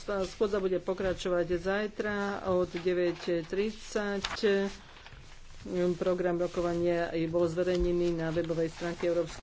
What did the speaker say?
Schôdza bude pokračovať zajtra od 9.30. Program rokovania bol zverejnený na webovej stránke Európskej